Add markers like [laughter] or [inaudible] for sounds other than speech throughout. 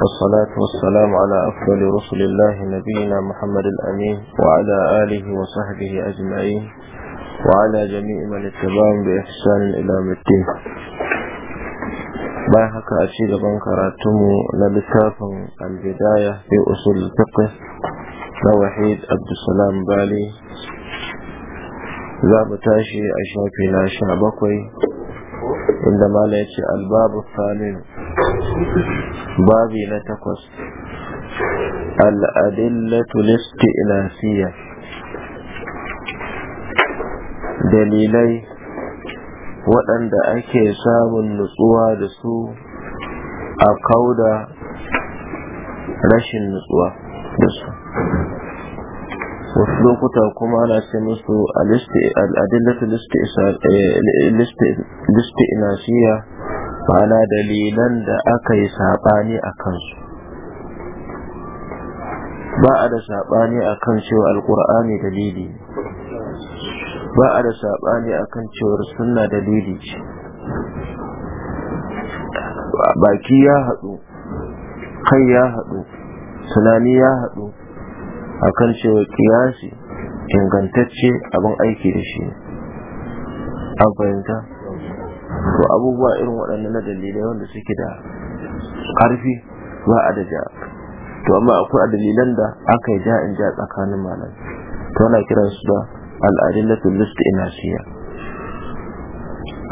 والصلاة والسلام على أفضل رسل الله نبينا محمد الأمين وعلى آله وصحبه أجمعين وعلى جميع من اتباعهم بإحسان إلى الدين ما هكا أشيد بنكراتم لبكاف البداية في أصول الفقه لوحيد عبد السلام بالي زابتاشي أشاكي لا شعبكوي inda mala ya ce albabu salim babi na takwas al'adillatu listi'nasiya dalilai waɗanda ake samun nutsuwa da su a kauda rashin nutsuwa da su wasu lokuta kuma ana ce musu al'adillatu listi'inasiya eh, ma'ana dalilan da aka yi saɓani a kansu ba a da saɓani a kan cewa alƙur'ani dalili ba a da saɓani a kan cewar sunna dalili ce baki ya haɗu kai ya haɗu tunani ya haɗu a kan cewa kiyasi ingantacce abin aiki da shi an fahimta to abubuwa irin waɗannan na dalilai wanda suke da ƙarfi ba a da ja to amma akwai dalilan da aka yi ja in ja tsakanin malam to ana kiransu da al'adun ina siya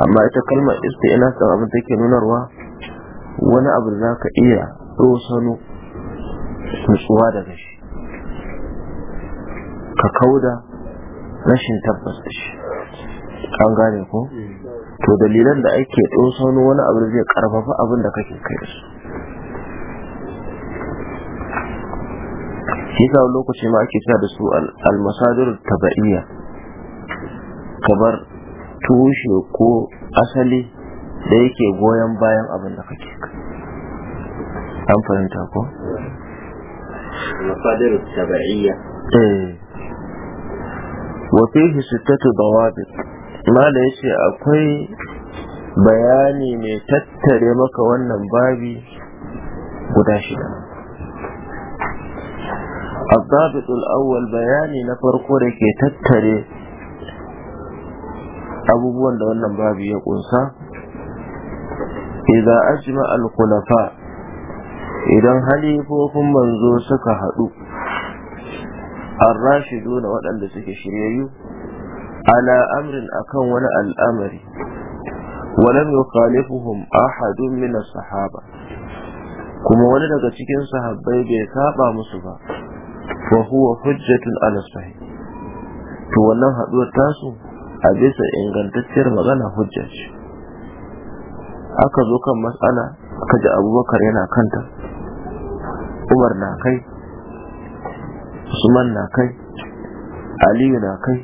amma ita kalmar ina da abin take nunarwa wani abu da ka iya rosano nutsuwa daga shi ka kauda rashin tabbas da shi an gane ko to dalilan da ake ɗosa wani abu zai karfafa abin da kake kai su shi sa lokaci ma ake sa da su almasadir taba'iyya kamar tushe ko asali da yake goyon bayan abin da kake an fahimta ko masadir taba'iyya eh. wafihi sittatu dawabit mala ya ce akwai bayani mai tattare maka wannan babi guda shida الضابط الأول bayani na farko da ke tattare abubuwan da wannan babi ya kunsa idza ajma al-khulafa idan halifofin manzo suka haɗu الراشدون وأن لسك شريعي على أمر أكون ولا الأمر ولم يخالفهم أحد من الصحابة كما ولدك تكين صحابي بيكابا مصبا فهو حجة على الصحيح تولنا هدوة تاسو أبيس إن كانت تسير مغانا حجة أكذو كم مسألة كجأ أبو بكر ينا كنت Umar na kai usman na kai aliyu na kai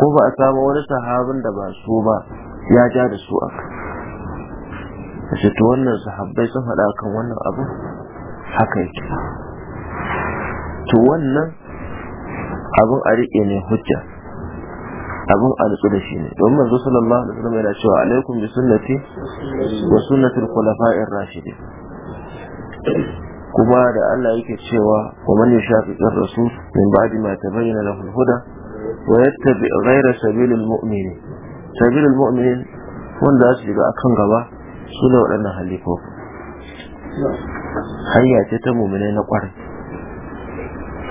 ko ba a samu wani sahabin da ba su ba ya ja da su a kai to wannan sahabbai sun faɗa kan wannan abu haka yake to wannan abin a riƙe ne hujja abin a nutsu da shi ne domin manzo sallallahu alaihi wasallam yana cewa alaikum bi sunnati wa sunnati al-khulafa'ir rashidin kuma da Allah yake cewa wa man yashaqiqir rasul min ba'di ma tabayyana lahu al-huda wa yattabi ghayra sabilil mu'minin sabilil mu'minin wanda su shiga akan gaba su ne waɗannan halifofi hanya ce ta muminai na ƙwarai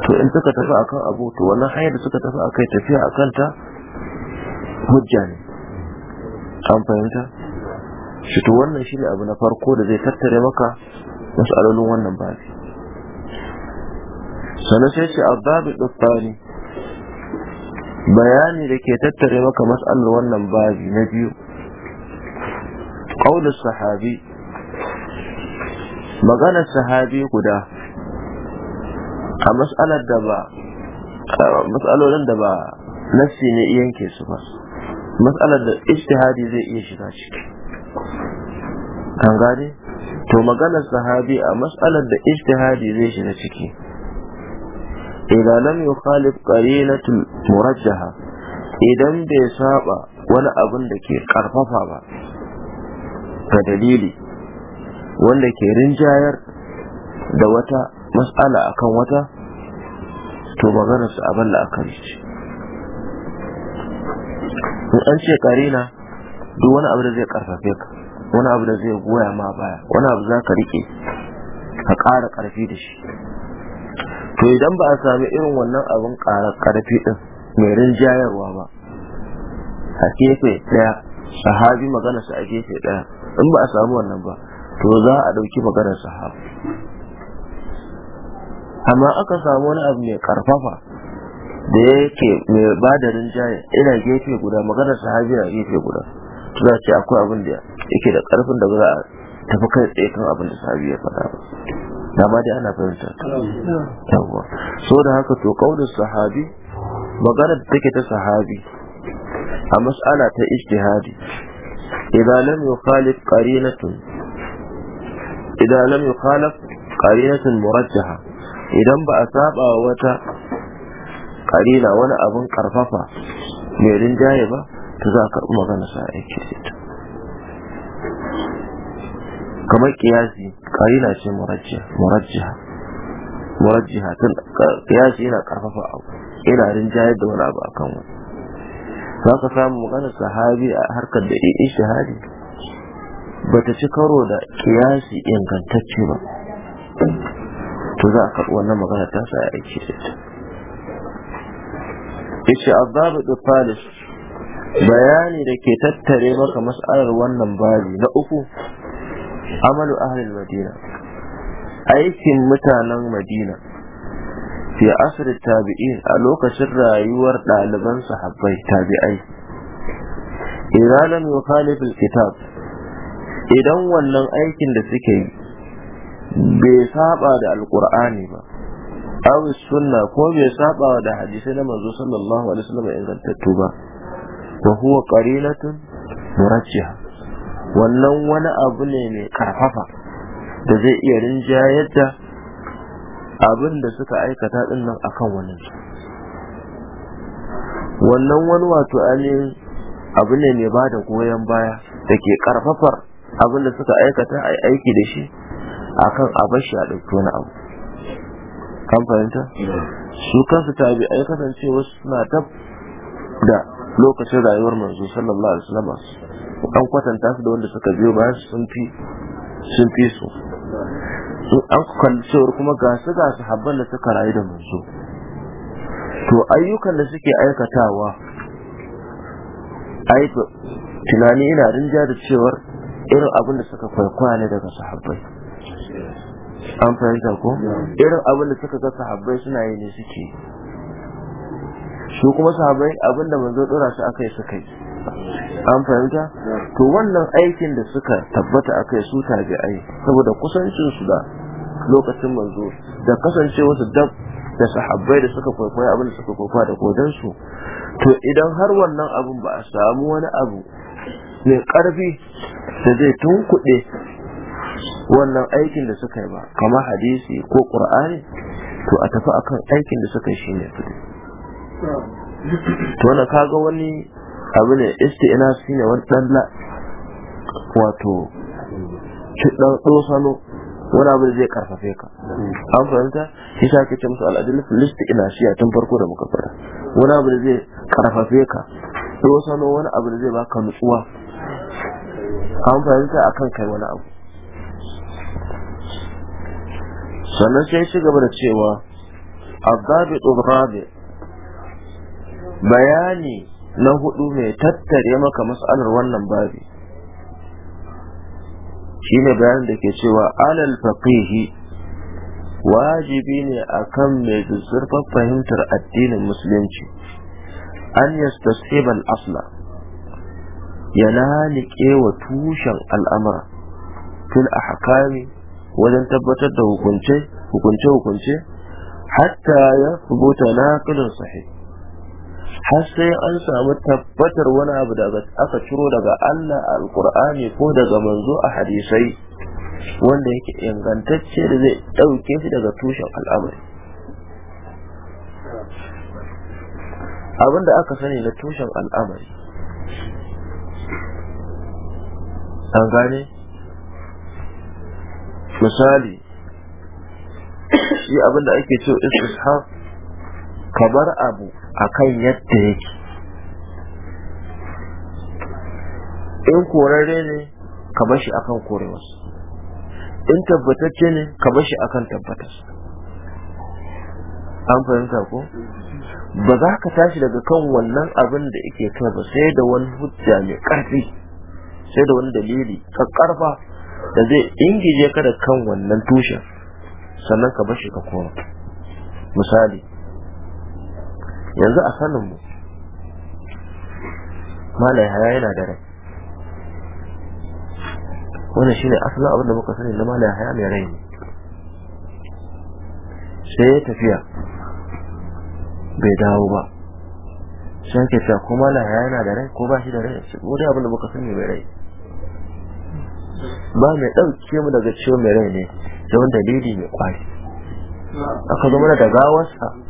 to in suka tafi akan abu to wannan hanyar da suka tafi akai tafiya akan ta hujja ne an fahimta shi to wannan shi ne abu na farko da zai tattare maka mas'alolin wannan babi sannan sai ce ababi dukkani bayani da ke tattare maka mas'alar wannan babi na biyu qaulu sahabi maganar sahabi guda a mas'alar da ba mas'alolin da ba nassi ne yanke su ba mas'alar da hadi zai iya shiga ciki kan gane to maganar sahabi a mas'alar da ijtihadi zai shiga ciki idan lam yukhalif qarinatul murajjaha idan bai saba wani abin da ke karfafa ba ga dalili wanda ke rinjayar da wata mas'ala akan wata to maganar su abin da aka ce an ce karina duk wani abu da zai karfafe ka wani abu da zai goya ma baya wani abu za ka rike ka ƙara ƙarfi da shi to idan ba a sami irin wannan abin ƙara ƙarfi ɗin mai rinjayarwa ba a gefe ɗaya sahabi magana su a gefe ɗaya in ba a samu wannan ba to za a ɗauki maganar sahabi amma aka samu wani abu mai ƙarfafa da yake mai ba da rinjaye ina gefe guda maganar sahabi na gefe guda za ce akwai abin da yake da karfin da za a tafi kai tsaye kan abin da sahabi ya faɗa ba dama dai ana fahimta yawwa so da haka to kaulin sahabi maganar da take ta sahabi a mas'ala ta ijtihadi idan lam yukhalif qarinatun idan lam yukhalif qarinatun murajjaha idan ba a saba wata karina wani abin karfafa mai rinjaye ba to za ka magana sa aiki da ita kamar kiyasi karina ce murajjiha murajjiha tun kiyasi yana karfafa abu yana rinjayar da wani abu akan wani za ka samu magana sahabi a harkar da ɗin shahadi ba ta ci karo da kiyasi ingantacce ba to za a karɓi wannan magana ta sa aiki da ita yace azabu da falis bayani da ke tattare maka mas'alar wannan babi na uku amalu ahlul madina aikin mutanen madina fi asr tabi'in a lokacin rayuwar ɗaliban sahabbai tabi'ai idan lam yukhalif kitab idan wannan aikin da suke yi bai saba da alqur'ani ba aw sunna ko bai saba da hadisi na manzo sallallahu alaihi wasallam ingantattu ba wa huwa qarilatun murajjiha wannan wani abu ne mai karfafa da zai iya rinjayar da abin da suka aikata din nan akan wannan wannan wani wato ainihin abu ne mai bada goyon baya da ke karfafar abin da suka aikata a aiki da shi akan abashi a ɗauki wani abu kan fahimta su kansu tabi ai kasance suna tab da lokacin rayuwar manzo sallallahu alaihi wasallam an kwatanta su da wanda suka biyo ba sun fi sun fi su an kwantar cewar kuma ga su ga sahabban da suka rayu da manzo to ayyukan da suke aikatawa ai tunani ina rinja da cewar irin abin da suka kwaikwaya ne daga sahabbai an fahimta ko irin abin da suka ga sahabbai suna yi ne suke su kuma sahabbai abinda manzo dora su akai suka yi an fahimta to wannan aikin da suka tabbata akai su ta tabi'ai saboda kusancin su da lokacin manzo da kasancewa su dab da sahabbai da suka kwaikwaya abin da suka kwaikwaya da godan su to idan har wannan abin ba a samu wani abu mai karfi da zai tunkuɗe wannan aikin da suka yi ba kamar hadisi ko ƙur'ani to a tafi akan aikin da suka yi shine fito to na kaga wani abu ne isti'ina shi ne wani dan la wato shi dan salo wani abu da zai karfafe ka an fahimta shi sa ke ce musu al'adilif listi ina shi a tun farko da muka fara wani abu da zai karfafe ka ko wani abu da zai baka nutsuwa an fahimta akan kai wani abu sannan sai shi gaba da cewa الضابط الرابع bayani na hudu mai tattare maka mas'alar wannan babi shi ne bayanin da ke cewa alal faqihi wajibi ne akan mai zuzzurfar fahimtar addinin musulunci an yastasiba al-asla ya nalike wa tushen al'amura a ahkami wajen tabbatar da hukunce hukunce hukunce hatta ya fubuta naqilun sahih har sai an samu tabbatar wani abu da aka ciro daga Allah a Al-Qur'ani ko daga manzo a hadisai wanda yake ingantacce da zai ɗauke shi daga tushen al'amari abinda aka sani na tushen al'amari an gane misali shi abinda ake ce istishaf kamar abu akan yadda yake in korarre ne ka shi akan korewarsa in tabbatacce ne ka bashi akan tabbatarsa an fahimta ko ba za ka tashi daga kan wannan abin da yake kai ba sai da wani hujja mai ƙarfi sai da wani dalili ƙarfa da zai ingije ka da kan wannan tushen sannan ka shi ka kora, misali yanzu a sanin mu malai haya yana da rai Wani shine asalin abin da muka sani na malai haya mai rai ne sai ya tafiya bai dawo ba sai ke ko malai haya yana da rai ko ba shi da rai wani abin da muka sani mai rai ba mai ɗauke mu daga ciwo mai rai ne da dalili mai kwari aka zama da gawarsa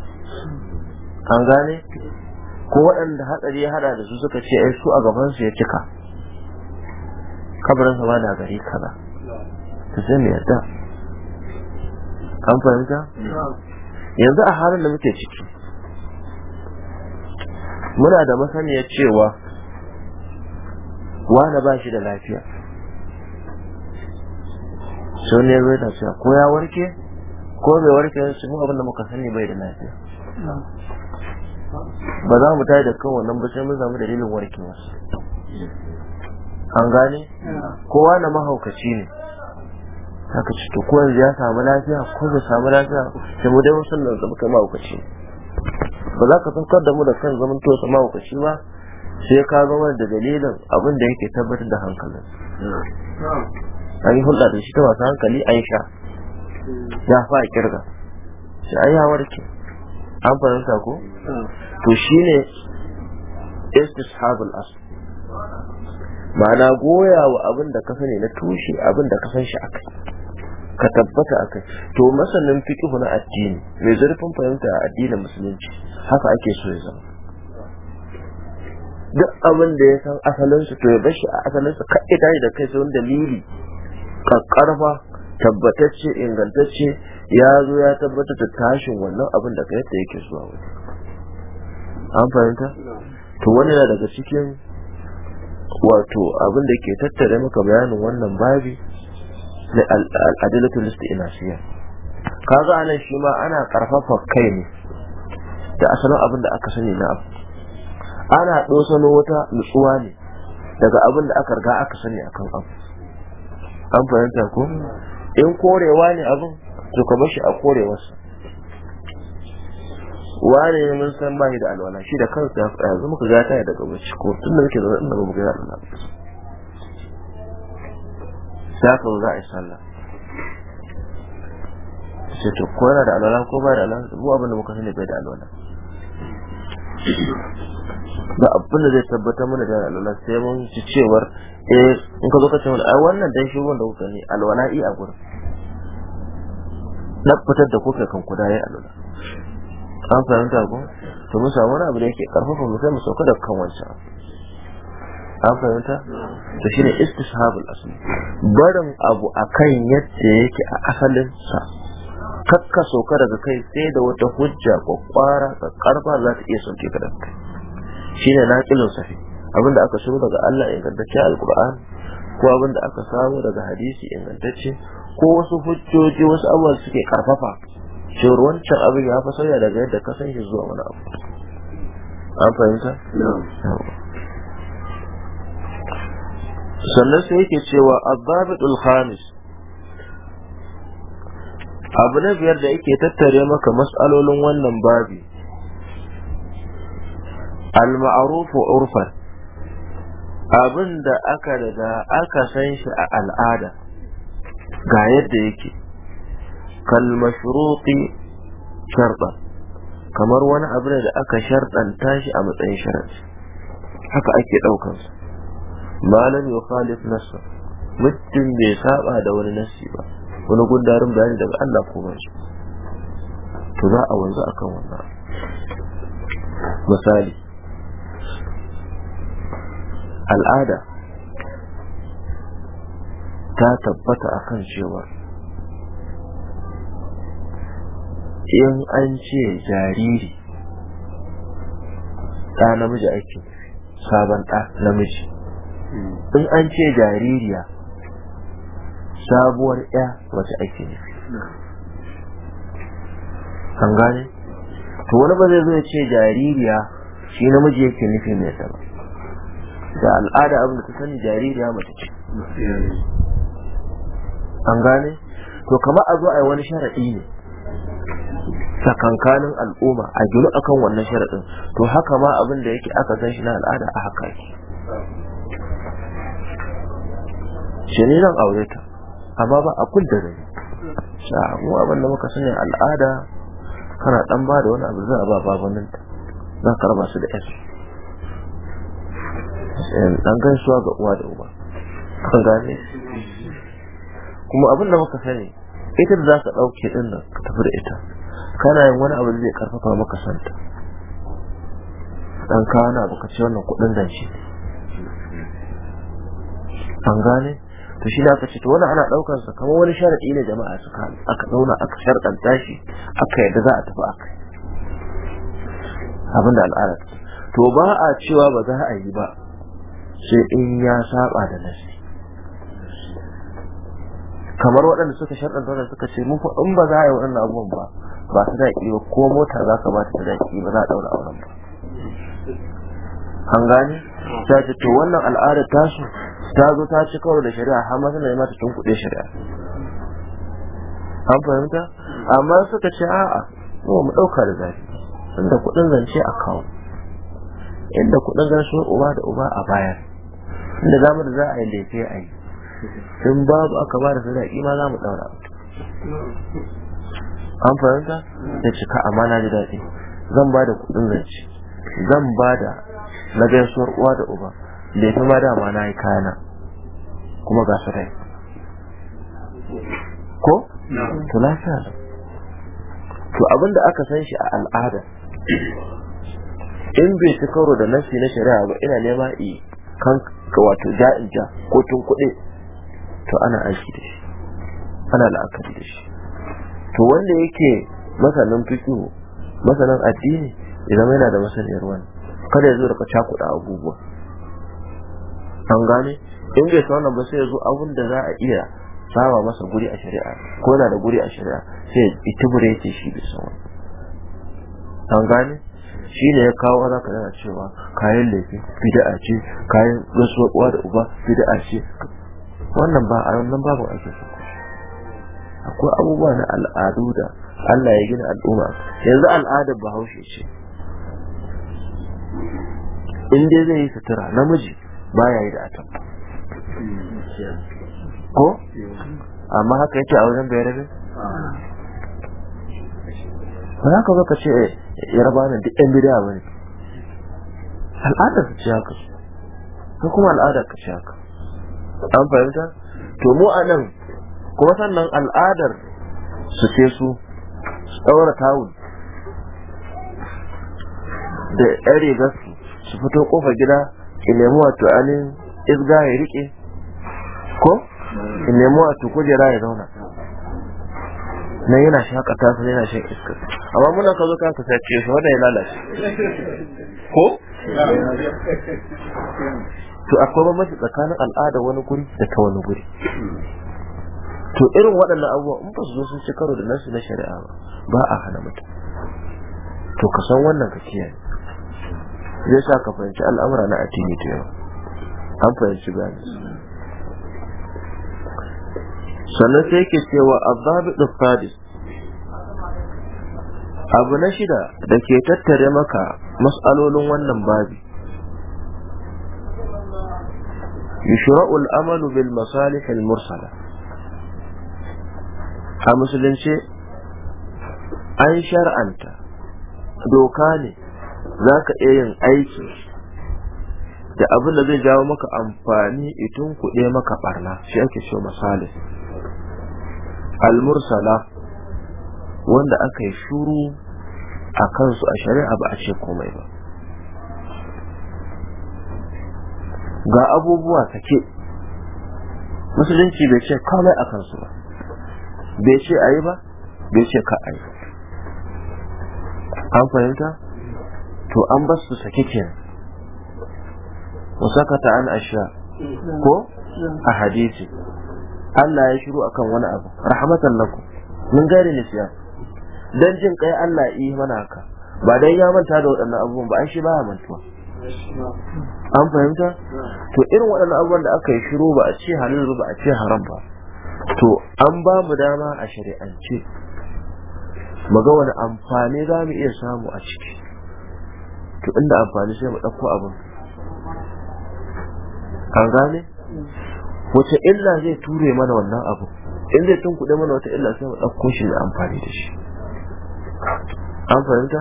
an gane ko waɗanda hatsari ya hada da su suka ce ai su a gaban su ya cika kabarin sama na gari kaza ta ce mu yarda an fahimta yanzu a halin da muke ciki muna da masaniya cewa wani ba shi da lafiya sau ne zai ta cewa ko ya warke ko bai warke su mu abin da muka sani bai da lafiya ba za mu tayi da kan wannan ba sai mun samu dalilin warkewa an gane kowa na mahaukaci ne haka ci to ko ya samu lafiya ko ya samu lafiya sai mu dai wasan nan zama kai mahaukaci ba za ka saukar da mu da kan zaman to sa mahaukaci ba sai ka zama da dalilin abin da yake tabbatar da hankalin an yi hulɗa da shi ta masu hankali aisha ya fa a kirga sai ai ya warke an fahimta ko to shine istishabul asl ma'ana goya wa abin da ka sani na tushe abin da ka san shi akai ka tabbata akai to masanin fiqhu na addini mai zurfin fahimta a addinin musulunci haka ake so ya zama duk abin da ya san asalin su to ya bar shi a asalin su kai da kai sai wani dalili karfa tabbatacce ingantacce ya zo ya tabbata da tashin wannan abin da ka yadda yake zuwa wani an fahimta to wani na daga cikin wato abin da ke tattare maka bayanin wannan babi na ina isti'nasiyya kaga anan shi ma ana karfafa kai ne da asalin abin da aka sani na abu ana dosano wata nutsuwa ne daga abin da aka riga aka sani akan abu an fahimta ko in korewa ne abin to ka bar shi a korewarsa wane ne mun san ba shi da alwala shi da kansa ya tsaya zama ka gata daga wacce, ko tun da muke zaune inda ba mu ga ba za ka za a yi sallah sai to ko yana da alwala ko ba da alwala mu abin da muka sani bai da alwala ba abin da zai tabbatar mana da alwala sai mun ci cewar eh in ka zo ka ce mana ai wannan dan shi wanda kuka ne i a gurin na fitar da kuka kan kuda ya alula an fahimta ko to mu samu wani abu da yake karfafa mu kai mu sauka da kan wancan an fahimta to shine istishabul asli barin abu akan yadda yake a asalin sa kakka sauka daga kai sai da wata hujja kwara ka karfa za ta iya sauke ka daga kai na naqilun safi abinda aka shiru daga Allah ingantacce alquran ko abinda aka samu daga hadisi ingantacce ko wasu hujjoji wasu abubuwa suke karfafa cewar wancan abin ya fi sauya daga yadda ka san shi zuwa wani abu an fahimta sannan sai yake cewa azabitul khamis abu na biyar da yake tattare maka mas'alolin wannan babi al maarufu urfan abin da aka daga aka san shi a al'ada ga yadda yake kal sharɗa kamar wani abu da aka sharɗanta shi a matsayin sharaɗi haka ake ɗaukansa malam ya khalif nasa mutum bai saba da wani nasi ba wani gundarin bayani daga Allah ko shi to za a wanzu akan wannan misali al'ada ta tabbata akan cewa in an ce jariri ɗa namiji ake sabon ɗa namiji hmm. in an ce jaririya sabuwar ya wata ake nufi an gane to wani ba zai zo ya ce jaririya shi namiji yake nufi mai sama da al'ada abin da ta sani jaririya mace ce hmm. an gane to kama a zo a yi wani sharaɗi ne tsakankanin al'umma a gino akan wannan sharaɗin to haka ma abin da yake aka san shi na al'ada a haka yake shi nan aure ta amma ba a kul da rai sha mu abin da muka sani al'ada kana dan ba da wani abu za a ba babanin ta za ka raba su da yasu dan gaisuwa ga uwa da uba kan gane kuma abin da muka sani ita da za ka ɗauke ɗin nan ka tafi da ita kana yin wani abu zai karfafa maka santa dan ka na abu ce wannan kuɗin shi an gane to shi da aka ce to wani ana ɗaukar sa kamar wani sharaɗi ne jama'a ka aka zauna aka sharɗanta shi aka yadda za a tafi aka abin da al'ada to ba a cewa ba za a yi ba sai in ya saba da nasi kamar waɗanda suka sharɗanta da suka ce mu in ba za a yi waɗannan abubuwan ba ba su da ba ko motar za ka ba ta da ba za a ɗaura auren ba an gane ta ce to wannan al'ada tasu ta zo ta ci karo da shari'a har ma yi mata tun kuɗe shari'a an fahimta amma suka ce a'a mu mu ɗauka da zafi inda kuɗin zance a kawo inda kuɗin zance uba da uba a bayar inda zamu da za a yi laifi a yi in babu aka ba da sadaki ma za mu daura an fahimta da cika amana da daɗi zan ba da kuɗin zance zan ba da na gaisuwar uwa da uba da fi ma dama na yi kayana kuma ga su rai ko? to lafiya to abinda aka san shi a al'ada in bai ci karo da nasi na shari'a ba ina nema i kan wato ja'in ja ko tun kuɗi to ana aiki da shi ana la'akari da shi to wanda yake masanin fikihu masanin addini ya yana da masaniyar wani kada ya zo da cakuɗa abubuwa an gane in bai sauna ba sai ya zo abin da za a iya sawa masa guri a shari'a ko yana da guri a shari'a sai ya itibure ce shi bai sauna an gane shi ne ya kawo ana ka cewa kayan laifi bida'a ce kayan uwa da uba bida'a ce wannan ba a wannan babu ake so akwai abubuwa na al'adu da Allah ya gina al'umma yanzu al'adar bahaushe ce in dai zai yi sutura namiji baya yi da atam ko amma haka yake a wajen da ba haka ba ka ce eh, yarba ne duk yan bidiya ba ne al'adar su ce haka ko kuma al'adar ka ce haka an fahimta to mu a nan kuma sannan al'adar su ce su ɗaura tawul da yare rigar su fito kofa gida in nemi wato anin isga ya rike ko in nemi wato kujera ya zauna na yana shakata su yana shan iska amma muna ka zo kanka ce su wanda ya lalace ko to akwai bambanci tsakanin al'ada wani guri da ta wani guri to irin waɗannan abubuwa in ba su zo sun ci karo da nasu na shari'a ba ba a hana mutum to ka san wannan ka kiyaye zai sa ka fahimci al'amura na addini ta yau an fahimci gani sannan sai ke cewa azabi sadis abu na shida da ke tattare maka mas'alolin wannan babi yushra'u الأمل amalu bil masalih al-mursala a musulunce an shar'anta doka ne za ka iya yin aiki da abin da zai jawo maka amfani itun kuɗe maka ɓarna, shi ake ce misali al-mursala wanda aka yi shuru a kansu a shari'a ba a ce komai ba ga abubuwa sake musulunci bai ce kawai a kansu ba bai ce a yi ba bai ce ka a yi an fahimta to an ba su sake kenan wasakata an asha ko a hadisi Allah ya shiru akan wani abu rahmatan lakum mun gare ni siya dan jin kai Allah yi mana haka ba dai ya manta da waɗannan abubuwan ba An shi ba ya mantuwa an fahimta to irin waɗannan abubuwan da aka yi shiro ba a ce halin ba a ce haram ba to an ba mu dama a shari'ance mu ga wani amfani za mu iya samu a ciki to inda amfani sai mu ɗauko abin an gane wace illa zai ture mana wannan abu in zai tunkuɗe mana wata illa sai mu ɗauko shi da amfani da shi an fahimta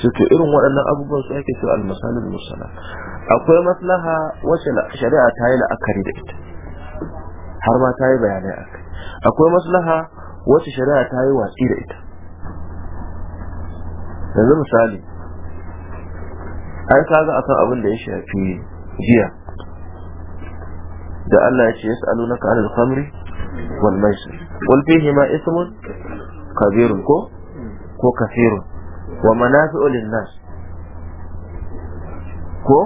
shi ke irin waɗannan abubuwan su ake cewa almasalin musala akwai maslaha wacce shari'a ta yi la'akari da ita har ma ta yi bayanai a kai akwai maslaha wacce shari'a ta yi watsi da ita yanzu misali ai kaga akan abin da ya shafi jiya da Allah ya ce ya yas'alunaka 'anil khamri wal maisir wal fihi ma ismun kabirun ko ko kafirun wa manafi'u nan ko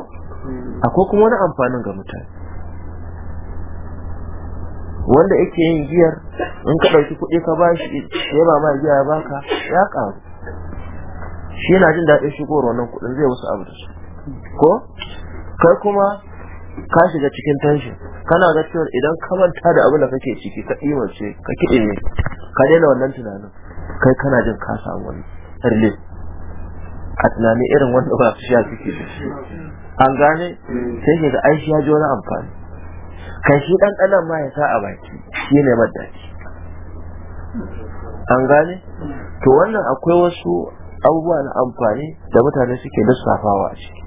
akwai kuma wani amfanin ga mutane wanda yake yin giyar in ka ɗauki kuɗi ka ba shi ya ba ma giya ya baka ya ƙaru shi yana jin daɗin shigowar wannan kuɗin zai wasu abu da su ko kai kuma ka shiga cikin tension kana ga cewa idan ka manta da abin da kake ciki ka imance ka kiɗime ka daina wannan tunanin kai kana jin ka wani a tunani irin wanda ba su sha suke da shi an gane sai ke ga ai shi ya ji wani amfani kai shi ɗanɗanon ma ya sa a baki shi ne madaci an gane to wannan akwai wasu abubuwa na amfani da mutane suke safawa a ciki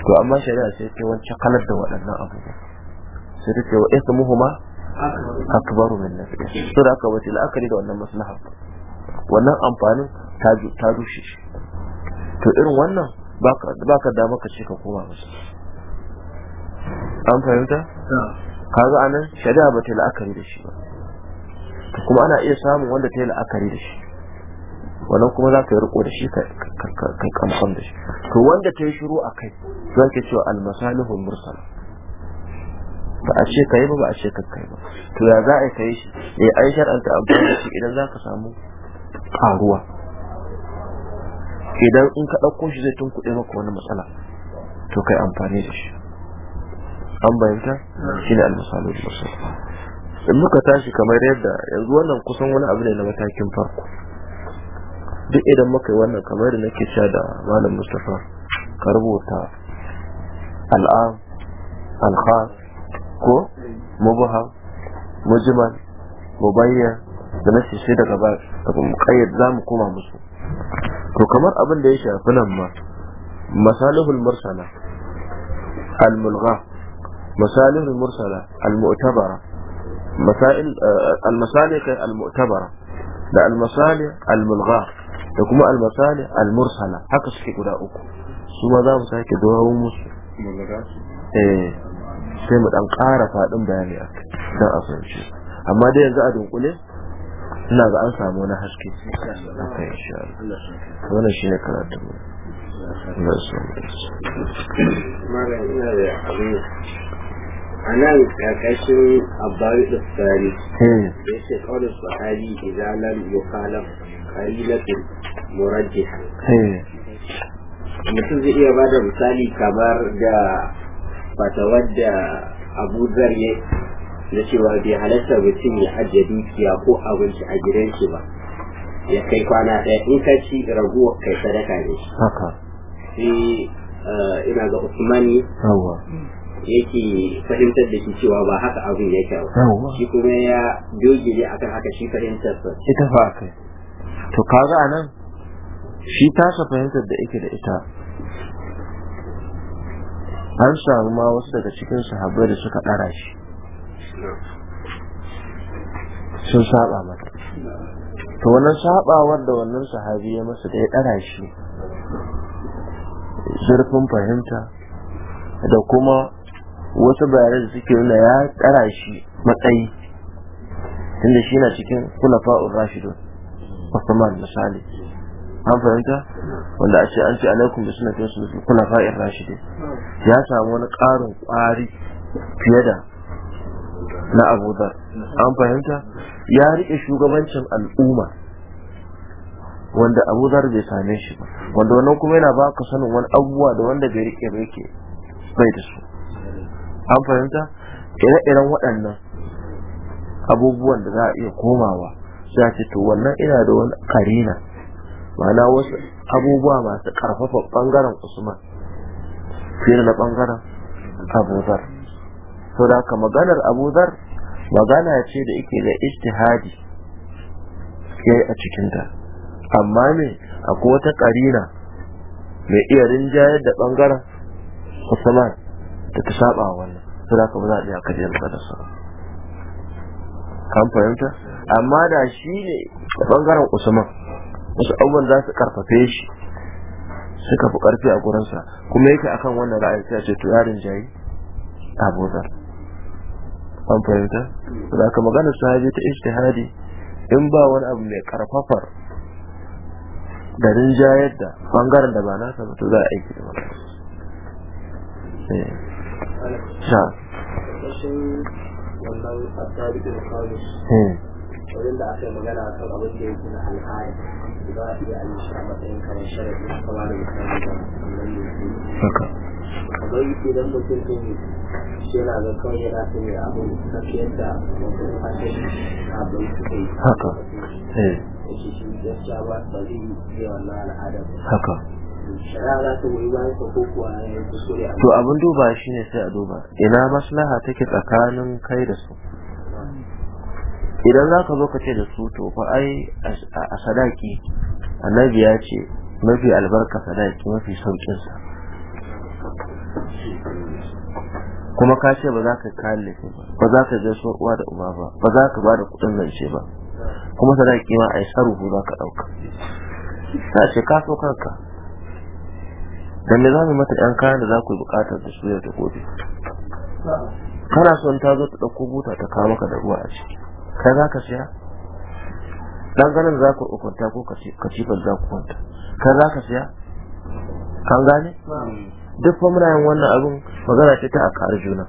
to amma shari'a sai ta wancan kalar da waɗannan abubuwa sai ta ce wa ismuhuma akbaru min nafi Su da aka wace la'akari da wannan maslaha wannan amfanin ta rushe shi to irin wannan ba ka dama ka ce ka koma musu an fahimta? a nan shari'a ba ta yi la'akari da shi ba kuma ana iya samun wanda ta yi la'akari da shi wannan kuma za ka yi riko da shi kai kamfan da shi to wanda ta yi shiru a kai za ka cewa almasalihul mursala ba a ce ka yi ba ba a ce ka kai ba to ya za a yi ka yi shi ya eh, yi shar'anta amfani da shi idan za ka samu karuwa idan in ka ɗauko shi zai tunkuɗe maka wani matsala to kai amfani da shi an bayanta shi ne almisalu da wasu in muka tashi kamar yadda yanzu wannan kusan wani abu ne na matakin farko duk idan muka yi wannan kamar da nake sha da malam mustapha ka rubuta al'am alkhas ko Mubaha, mujmal mubayyan da na shi daga ba da kuma kayyar za mu koma musu to kamar abin da ya shafi nan ma masalihul mursala al-mulgha masalihul mursala al-mu'tabara masail eh, al-masalih al-mu'tabara da al-masalih al-mulgha da kuma al-masalih al-mursala haka suke guda uku su ma za mu sake dawo musu eh sai mu dan ƙara faɗin bayani a don a fahimci amma dai yanzu a dunkule ina ga an samu wani haske haka insha Allah wannan shine karatu Allah su mara a nan ƙarƙashin abbari da tsari ya ce ƙaunar tsari izalar yukalar ƙarilatin murajjiha hmm. mutum zai iya ba da misali kamar da fatawar da abu zar na cewa bai halartar mutum ya ajiye dukiya ko abinci a gidan shi ba ya kai kwana ɗaya in ka ci raguwar kai sadaka ne haka sai eh, ina ga usmani yake fahimtar da shi cewa ba haka abin ya ba shi kuma ya doge akan haka shi fahimtar sa ita fa kai to kaga anan shi tasa fahimtar da yake da ita an samu ma wasu daga cikin sahabbai da suka ɗara shi sun saba mata to wannan sabawar da wannan sahabi ya masa da ya dara shi zurfin fahimta da kuma wasu bayanai da suke nuna ya dara shi matsayi tunda shi na cikin fa'ul rashidu Usman misali an fahimta wanda a ce an ce alaikum da suna fiye su kuna fa'in rashidu? ya samu wani ƙarin ƙwari fiye da na Abu an fahimta ya rike shugabancin al'umma wanda Abu Dhar bai same shi ba wanda wannan kuma yana ba ka sanin wani abubuwa da wanda bai rike ba yake bai da su an fahimta ire-iren waɗannan abubuwan da za a iya komawa za ce to wannan ina da wani karina ma'ana wasu abubuwa masu ƙarfafa ɓangaren usman fiye na ɓangaren abubuwar so da ka maganar abu zar magana ce da yake da ijtihadi ke a cikinta amma ne akwai wata karina mai iya rinjayar da bangaren musamman da ta saba wannan so da ka ba za a iya kajiyar da su kan fahimta amma da shi ne bangaren usman wasu abubuwan za su karfafe shi suka fi karfi a gurinsa kuma yake akan wannan ra'ayi sai ce to yarin jayi abuzar an fahimta da aka magana haji ta ijtihadi in ba wani abu mai karfafar da rinjayar da bangaren da ba na ba to za a aiki da magana eh. sha wurin da aka yi magana a kan abin da yake na al'ada za a iya yi shi a matsayin kamar sharafi a kama da mutane da wannan ne haka a zai yi idan mutum ɗin shi yana ga kawai yana son yi abin tafiyar da mutum hakan abin suka yi haka eh shi shi gaskiya ba ba zai yi wannan al'ada haka to abin duba shi ne sai a duba ina maslaha take tsakanin kai da su idan za ka zo ka ce da su to fa ai a sadaki annabi ya ce mafi albarka sadaki mafi sauƙinsa kuma ka ce ba za ka kalle ba ba za ka gaiso uwa da uba ba ba za ka ba da kuɗin zance ba kuma sadaki ma a yi saruhu za ka ɗauka ta ce ka so kanka da me za mu mata yan kayan da za ku yi da su yau da gobe kana son ta zo ta ɗauko buta ta kawo maka da ruwa a ciki kai za ka siya dan ganin za ku ukunta ko ban za ku kwanta kai za ka siya kan gane duk fa muna yin wannan abin magana ce ta a ƙari juna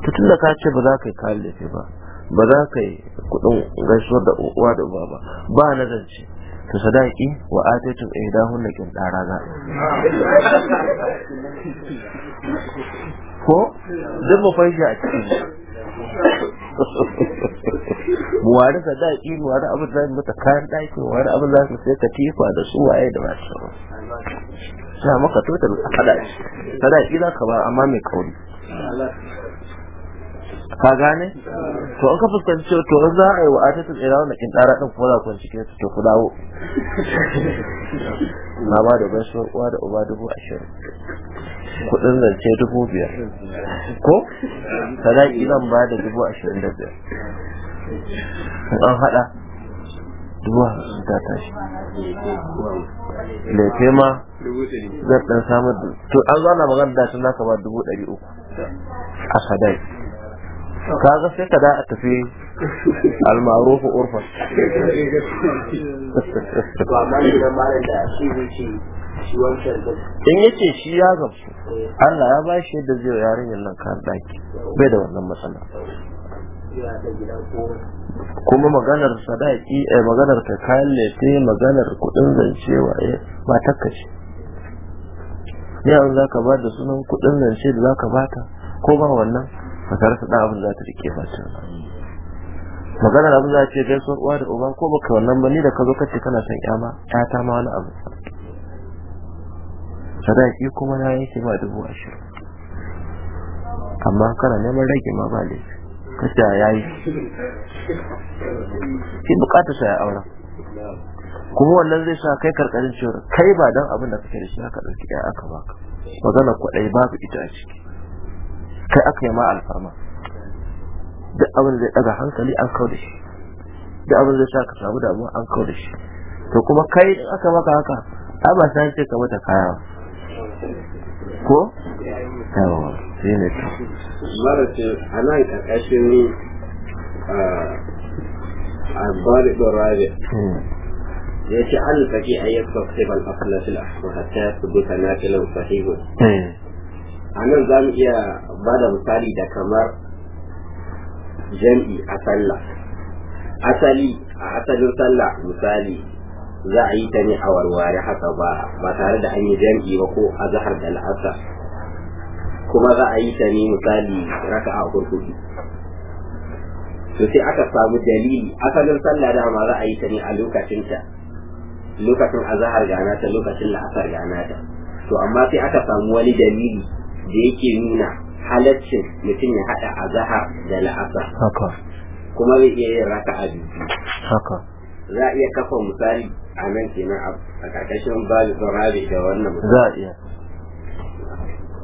ta tunda ka ce ba za ka yi kare lefe ba ba za ka yi kuɗin gaisuwar da uwa da uba ba ba na zance to sadaki wa ataitum ihdahun lakin dara za ko duk mu fahimta a cikin [laughs] wani da daƙi wani abu za mu mata kayan ɗaki wani abu za mu sai tifa da su waye da ba su na maka total a faɗa shi faɗa shi za ka ba amma mai kauri ka gane to an ka fuskanci to an za a yi wa atatul irawa na kin tsara ɗin kuma za ku cikin su to ku dawo na ba da gaisuwar uwa da uba dubu ashirin kudin zance dubu biyar ko sadaki zan ba da dubu ashirin da biyar an haɗa dubu da ta tashi lefe ma zan ɗan samar da to an zana magana da tun naka ba dubu ɗari uku a sadai ga sai ka da a tafi almarufu urfan in yake shi ya gamsu Allah ya ba shi yadda zai yarinyar nan kan daki bai da wannan matsala kuma maganar sadaki eh maganar ka kayan lefe maganar kudin zancewa eh ba takkace ya an zaka ba da sunan kudin zance da zaka bata ko ba wannan ba tare da abin za ta rike fatin maganar abin za ce gaisuwar uwa da uba ko baka wannan ba ni da ka zo kace kana son kyama ta ma wani abu sadaki kuma na yake ba dubu ashirin amma kana neman rage ma ba laifi ka ya yi shi bukatar kuma wannan zai sa kai karkarin cewar kai ba dan abin da kake da shi haka dauki ya aka baka magana ba babu ita a ciki kai aka yi ma alfarma duk abin zai daga hankali an kawo da shi duk abin zai sa ka samu damuwa an kawo da shi to kuma kai aka maka haka ai ba sai ce ka mata kaya ko? yawon shi ne ta marasin yi ƙarƙashin a hmm. ya ce an a yi sosibal of nasila ko hata su hmm. a nan za mu iya ba da misali da kamar jam'i a sallah asali a asalin sallah misali za a yi ta ne a warware haka ba ba tare da an yi jam'i ba ko a zahar da al'asa kuma za a yi ta ne misali raka a kurkuki to sai aka samu dalili asalin sallah da ma za a yi ta ne a lokacin ta lokacin azahar gana ta lokacin la'asar gana ta to amma sai aka samu wani dalili da yake nuna halaccin mutum ya haɗa zahar da la'asar haka kuma zai iya yin raka a biyu haka za a iya kafa misali a nan kenan a ƙarƙashin babu saurari da wannan za a iya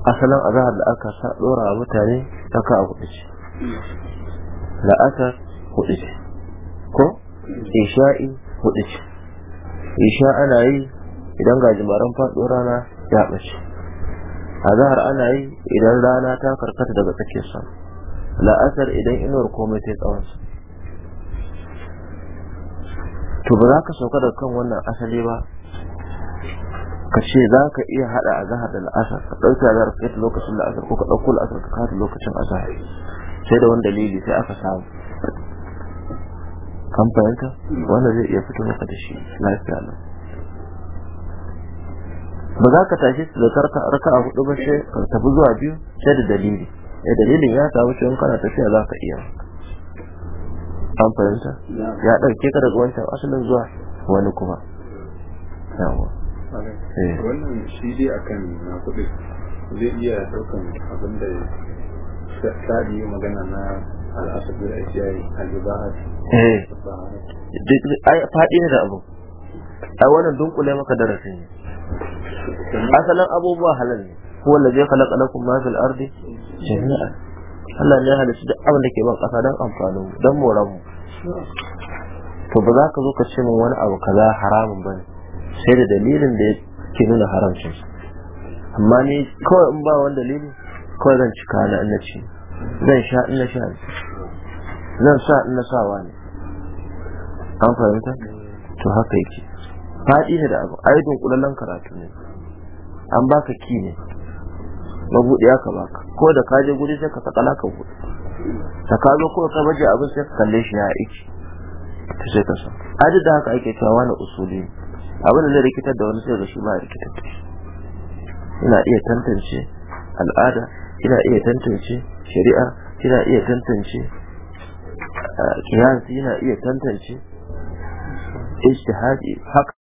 asalin azahar da aka sa ɗora a mutane aka a kuɗi ce la'asar kuɗi ce ko isha'i kuɗi ce isha ana yi idan ga jimaran faɗo rana ya ɓace azahar ana yi idan rana ta karkata daga tsakiyar sama la'asar idan inuwar komai ta yi tsawon to ba za ka sauka da kan wannan asali ba ka ce za ka iya hada a zahar da la'asar ka ɗauki a zahar kai lokacin la'asar ko ka ɗauko la'asar ka kata lokacin azahar sai da wani dalili sai aka samu kan fahimta wanda zai iya fito maka da shi lafiya nan ba za ka tashi da karka raka a hudu ba sai ka tafi zuwa biyu sai da dalili eh, dalilin ya samu cewa kana tafiya za ka iya an fahimta ya ɗauke ka daga wancan asalin zuwa wani kuma yawa eh. wannan shi dai akan na kuɗi zai iya ɗaukan abin da sadi yi magana na al'asabir a kiyaye al'ibahat eh. ai faɗi ne da abu a wannan dunkule maka darasi ne asalin abubuwa halal ne ko wanda zai khalaqa lakum ma fil ardi jami'a Allah ne ya halitta duk abin da ke ban kasa don amfanin don moran mu to ba za ka zo ka ce min wani abu kaza haramun bane sai da dalilin da ke nuna haramcin amma ni kawai in ba wani dalili kawai zan cika na ina ci zan sha ina sha ne zan sa ina sawa ne an fahimta to haka yake faɗi ne da abu aikin dunkulallen karatu ne an baka ki ne mabuɗiya aka baka ko da ka je guri sai ka sakala ka buɗe ta ka zo ko ka baje abin sai ka kalle shi ya aiki ta sai ka sa aji da haka ake cewa wani usuli abin da zai rikitar da wani sai ga shi ba rikitar da shi ina iya tantance al'ada ina iya tantance shari'a ina iya tantance eh, kiyasi ina iya tantance ijtihadi haka